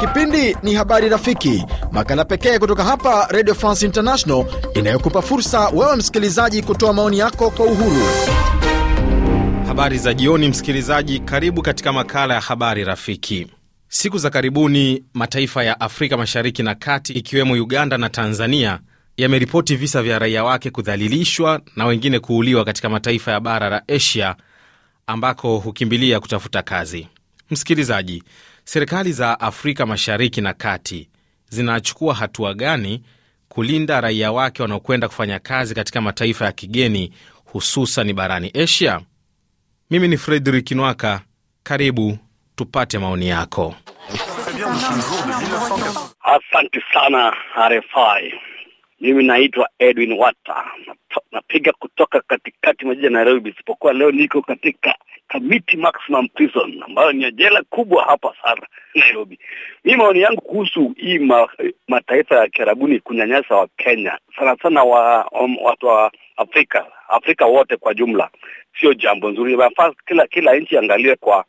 Kipindi ni Habari Rafiki, makala pekee kutoka hapa Radio France International inayokupa fursa wewe msikilizaji kutoa maoni yako kwa uhuru. Habari za jioni, msikilizaji, karibu katika makala ya Habari Rafiki. Siku za karibuni mataifa ya Afrika Mashariki na Kati ikiwemo Uganda na Tanzania yameripoti visa vya raia wake kudhalilishwa na wengine kuuliwa katika mataifa ya bara la Asia ambako hukimbilia kutafuta kazi. Msikilizaji, serikali za Afrika Mashariki na Kati zinachukua hatua gani kulinda raia wake wanaokwenda kufanya kazi katika mataifa ya kigeni hususan barani Asia? Mimi ni Fredrik Nwaka, karibu tupate maoni yako. Asante sana RFI. Mimi naitwa Edwin Wata, napiga kutoka nje Nairobi, isipokuwa leo niko katika Kamiti Maximum Prison ambayo ni jela kubwa hapa sana Nairobi. Mi maoni yangu kuhusu hii ma, mataifa ya kiarabuni kunyanyasa wa Kenya sana sana wa, um, watu wa Afrika Afrika wote kwa jumla sio jambo nzuri. kila kila nchi angalie kwa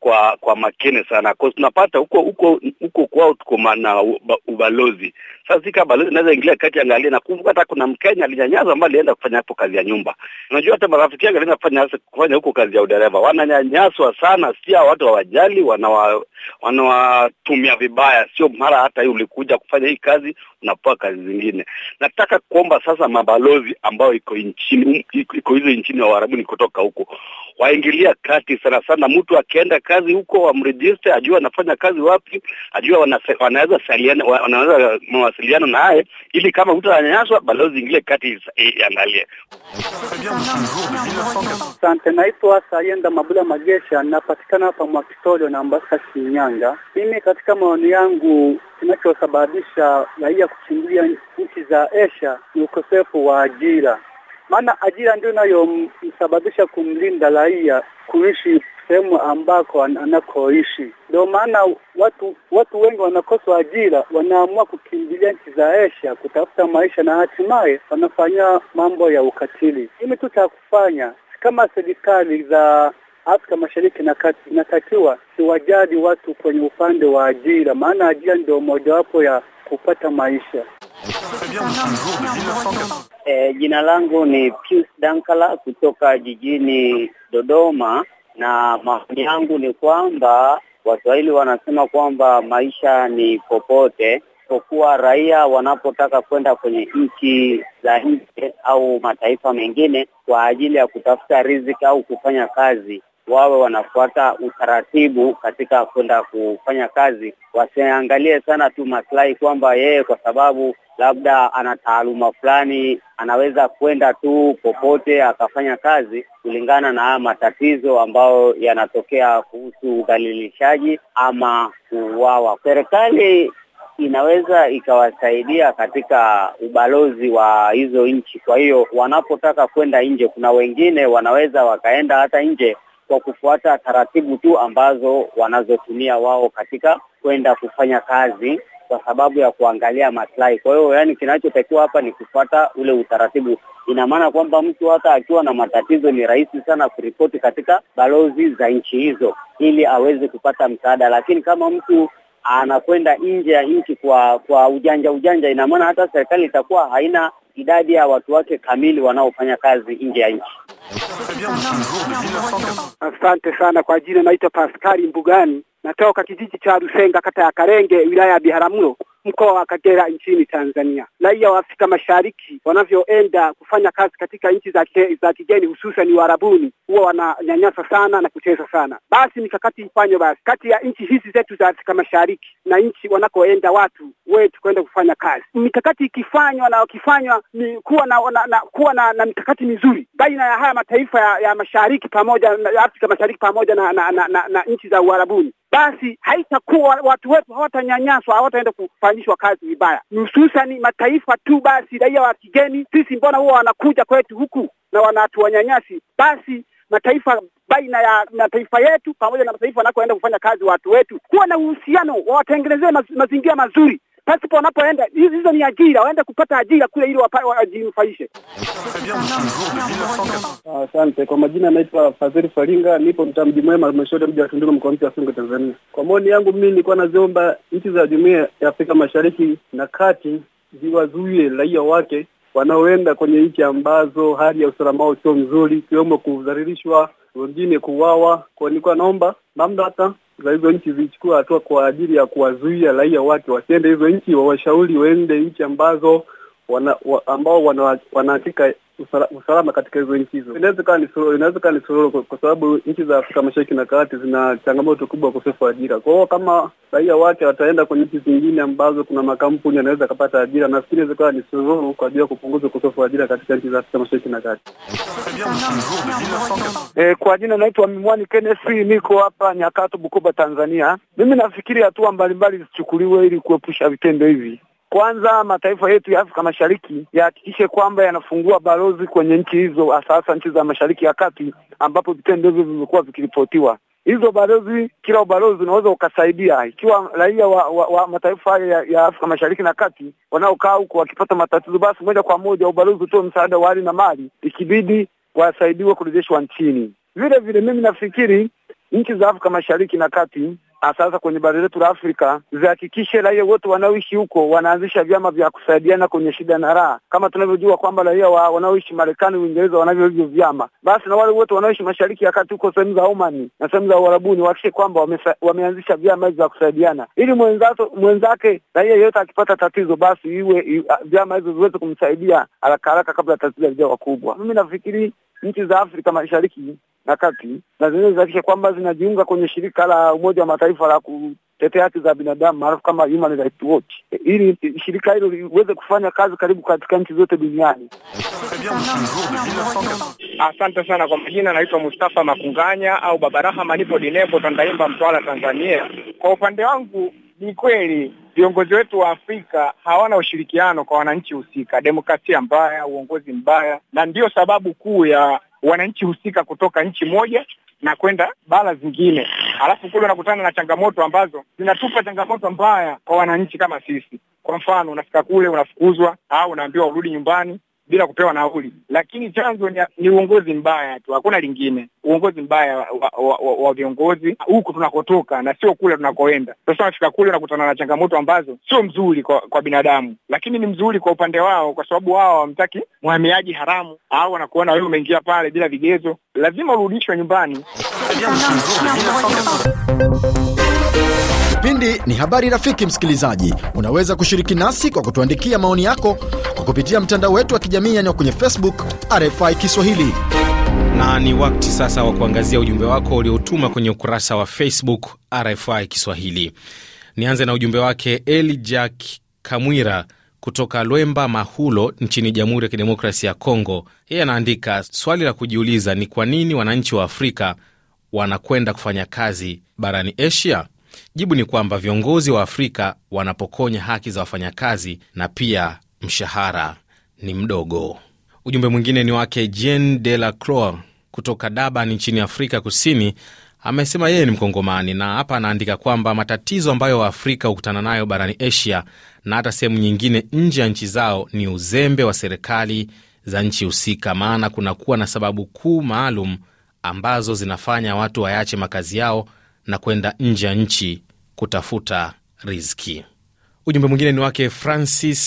kwa kwa makini sana kwa tunapata huko huko huko kwao tuko na ubalozi. Sasa sika balozi naweza ingilia kati, na kumbuka hata kuna Mkenya alinyanyaza ambaye alienda kufanya hapo kazi ya nyumba. Unajua hata marafiki yake alienda kufanya kufanya huko kazi ya udereva, wananyanyaswa sana, sia watu hawajali, wanawa wanawatumia vibaya. Sio mara hata hii ulikuja kufanya hii kazi, unapoa kazi zingine. Nataka kuomba sasa mabalozi ambao iko nchini iko hizo nchini wa Uarabuni kutoka huko waingilia kati sana sana. Mtu akienda kazi huko wamregister, ajua anafanya kazi wapi, ajua wanaweza saliana, wanaweza mawasiliano naye, ili kama mtu ananyanyaswa, balozi ingilie kati iangalie. Asante, naitwa Sayenda Mabula Magesha, napatikana hapa Mwakitolio na Ambasa, Shinyanga. Mimi katika maoni yangu kinachosababisha raia kukimbilia nchi za Asia ni ukosefu wa ajira maana ajira ndio inayomsababisha kumlinda raia kuishi sehemu ambako anakoishi. Ndio maana watu watu wengi wanakoswa ajira, wanaamua kukimbilia nchi za Asia kutafuta maisha na hatimaye wanafanya mambo ya ukatili. Mimi tu cha kufanya kama serikali za Afrika Mashariki inatakiwa siwajali watu kwenye upande wa ajira, maana ajira ndio mojawapo ya kupata maisha. E, jina langu ni Pius Dankala kutoka jijini Dodoma, na maoni yangu ni kwamba Waswahili wanasema kwamba maisha ni popote, isipokuwa raia wanapotaka kwenda kwenye nchi za nje au mataifa mengine kwa ajili ya kutafuta riziki au kufanya kazi, wawe wanafuata utaratibu katika kwenda kufanya kazi, wasiangalie sana tu maslahi kwamba yeye kwa sababu labda ana taaluma fulani anaweza kwenda tu popote akafanya kazi kulingana na matatizo ambayo yanatokea kuhusu udhalilishaji ama kuuawa. Serikali inaweza ikawasaidia katika ubalozi wa hizo nchi. Kwa hiyo wanapotaka kwenda nje, kuna wengine wanaweza wakaenda hata nje kwa kufuata taratibu tu ambazo wanazotumia wao katika kwenda kufanya kazi kwa sababu ya kuangalia maslahi. Kwa hiyo yani, kinachotakiwa hapa ni kufuata ule utaratibu. Ina maana kwamba mtu hata akiwa na matatizo ni rahisi sana kuripoti katika balozi za nchi hizo ili aweze kupata msaada, lakini kama mtu anakwenda nje ya nchi kwa kwa ujanja ujanja, ina maana hata serikali itakuwa haina idadi ya watu wake kamili wanaofanya kazi nje ya nchi. Asante sana kwa jina, naitwa Paskari Mbugani, natoka kijiji cha Rusenga, kata ya Karenge, wilaya ya Biharamulo mkoa wa Kagera nchini Tanzania. Raia wa Afrika Mashariki wanavyoenda kufanya kazi katika nchi za, za kigeni hususan Uarabuni huwa wananyanyasa sana na kuteza sana. Basi mikakati ifanywe basi kati ya nchi hizi zetu za Afrika Mashariki na nchi wanakoenda watu wetu kwenda kufanya kazi. Mikakati ikifanywa na wakifanywa ni kuwa na, na, na kuwa na, na mikakati mizuri baina ya haya mataifa ya, ya mashariki pamoja na Afrika Mashariki pamoja na, na, na, na, na nchi za Uarabuni basi haitakuwa watu wetu hawatanyanyaswa, hawataenda kufanyishwa kazi vibaya, hususani mataifa tu. Basi raia wa kigeni sisi, mbona huwa wanakuja kwetu huku na wanatuwanyanyasi? Basi mataifa baina ya mataifa yetu pamoja na mataifa wanakoenda kufanya kazi watu wetu, kuwa na uhusiano, wawatengenezee mazingira mazuri pasipo wanapoenda, hizo ni ajira, waende kupata ajira kule ili wajinufaishe. Asante kwa majina, anaitwa Fadhili Faringa, nipo mtaa Mji Mwema, halmashauri ya mji wa Tunduma, mkoa wa Songwe, Tanzania. Kwa maoni yangu mimi, nilikuwa naziomba nchi za Jumuiya ya Afrika Mashariki na Kati ziwazuie raia wake wanaoenda kwenye nchi ambazo hali ya usalama wao sio mzuri, ikiwemo kudhalilishwa, wengine kuuawa. Kwa nilikuwa naomba mamlaka za hizo nchi zilichukua hatua kwa ajili ya kuwazuia raia wake wasiende hizo nchi, wawashauri waende nchi ambazo wana, wa, ambao wanahakika usala, usalama katika hizo nchi hizo. Inaweza kaa ni sororo kwa sababu nchi za Afrika Mashariki na Kati zina changamoto kubwa ya ukosefu wa ajira. Kwa hiyo kama raia wake wataenda kwenye nchi zingine ambazo kuna makampuni yanaweza akapata ajira, nafikiri inaweza kaa ni sororo kwa ajili ya kupunguza ukosefu wa ajira katika nchi za Afrika Mashariki na Kati. E, kwa jina naitwa Mimwani Kenneth, niko hapa Nyakato, Bukoba, Tanzania. Mimi nafikiri hatua mbalimbali zichukuliwe ili kuepusha vitendo hivi. Kwanza mataifa yetu ya Afrika Mashariki yahakikishe kwamba yanafungua balozi kwenye nchi hizo, hasa hasa nchi za Mashariki ya Kati ambapo vitendo hivyo vimekuwa vikiripotiwa. Hizo balozi, kila ubalozi unaweza ukasaidia ikiwa raia wa, wa, wa mataifa haya ya, ya Afrika Mashariki na Kati wanaokaa huko wakipata matatizo, basi moja kwa moja ubalozi utoe msaada wa hali na mali, ikibidi wasaidiwe kurejeshwa nchini. Vile vile mimi nafikiri nchi za Afrika Mashariki na Kati Ah, sasa kwenye bara letu la Afrika zihakikishe raia wote wanaoishi huko wanaanzisha vyama vya kusaidiana kwenye shida na raha, kama tunavyojua kwamba raia wa wanaoishi Marekani, Uingereza wanavyo hivyo vyama, basi na wale wote wanaoishi Mashariki ya Kati, huko sehemu za Omani na sehemu za Uarabuni wahakikishe kwamba wame, wameanzisha vyama hivyo vya kusaidiana, ili mwenzato mwenzake raia yeyote akipata tatizo, basi iwe vyama hizo viweze kumsaidia haraka haraka kabla tatizo halijawa kubwa. Mimi nafikiri nchi za Afrika Mashariki na kati na zenyewe zihakikishe kwamba zinajiunga kwenye shirika la Umoja wa Mataifa la kutetea haki za binadamu maarufu kama Human Rights Watch, e, ili shirika hilo liweze kufanya kazi karibu katika nchi zote duniani. Asante sana kwa majina, naitwa Mustafa Makunganya au Baba Rahama, nipo Dinepo Tandaimba, Mtwara, Tanzania. Kwa upande wangu ni kweli viongozi wetu wa Afrika hawana ushirikiano kwa wananchi husika, demokrasia mbaya, uongozi mbaya, na ndiyo sababu kuu ya wananchi husika kutoka nchi moja na kwenda bara zingine, alafu kule unakutana na changamoto ambazo zinatupa changamoto mbaya kwa wananchi kama sisi. Kwa mfano, unafika kule unafukuzwa au unaambiwa urudi nyumbani, bila kupewa nauli, lakini chanzo ni, ni uongozi mbaya tu, hakuna lingine. Uongozi mbaya wa, wa, wa, wa viongozi huku tunakotoka na sio kule tunakoenda. Sasa unafika kule unakutana na changamoto ambazo sio mzuri kwa, kwa binadamu, lakini ni mzuri kwa upande wao, kwa sababu wao hawamtaki mhamiaji haramu, au wanakuona wewe umeingia pale bila vigezo, lazima urudishwe nyumbani. Kipindi ni habari rafiki msikilizaji, unaweza kushiriki nasi kwa kutuandikia maoni yako kupitia mtandao wetu wa kijamii yani kwenye Facebook RFI Kiswahili na ni wakati sasa wa kuangazia ujumbe wako uliotuma kwenye ukurasa wa Facebook RFI Kiswahili. Nianze na ujumbe wake Eli Jack Kamwira kutoka Lwemba Mahulo nchini Jamhuri ya Kidemokrasia ya Kongo. Yeye anaandika swali la kujiuliza ni kwa nini wananchi wa Afrika wanakwenda kufanya kazi barani Asia. Jibu ni kwamba viongozi wa Afrika wanapokonya haki za wafanyakazi na pia mshahara ni mdogo. Ujumbe mwingine ni wake Jean de la Croix kutoka Durban nchini Afrika Kusini. Amesema yeye ni Mkongomani na hapa anaandika kwamba matatizo ambayo Waafrika hukutana nayo barani Asia na hata sehemu nyingine nje ya nchi zao ni uzembe wa serikali za nchi husika, maana kunakuwa na sababu kuu maalum ambazo zinafanya watu wayache makazi yao na kwenda nje ya nchi kutafuta riziki. Ujumbe mwingine ni wake Francis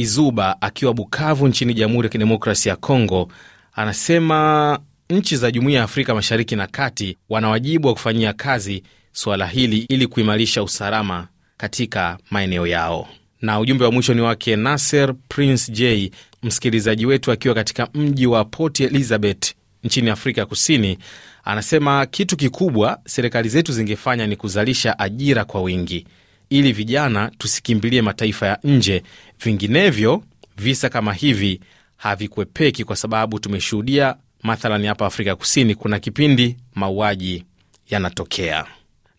Izuba akiwa Bukavu nchini Jamhuri ya Kidemokrasia ya Kongo anasema nchi za Jumuiya ya Afrika Mashariki na Kati wana wajibu wa kufanyia kazi suala hili ili kuimarisha usalama katika maeneo yao. Na ujumbe wa mwisho ni wake Nasser Prince J, msikilizaji wetu akiwa katika mji wa Port Elizabeth nchini Afrika Kusini, anasema kitu kikubwa serikali zetu zingefanya ni kuzalisha ajira kwa wingi ili vijana tusikimbilie mataifa ya nje, vinginevyo visa kama hivi havikwepeki, kwa sababu tumeshuhudia mathalani hapa Afrika Kusini kuna kipindi mauaji yanatokea.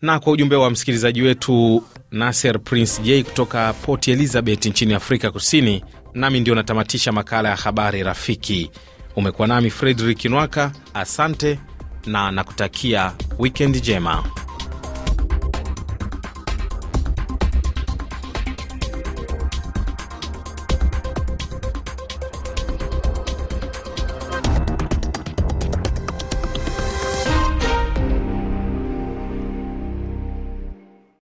Na kwa ujumbe wa msikilizaji wetu Nasser Prince J kutoka Port Elizabeth nchini Afrika Kusini, nami ndio natamatisha makala ya habari rafiki. Umekuwa nami Fredrik Nwaka, asante na nakutakia wikendi njema.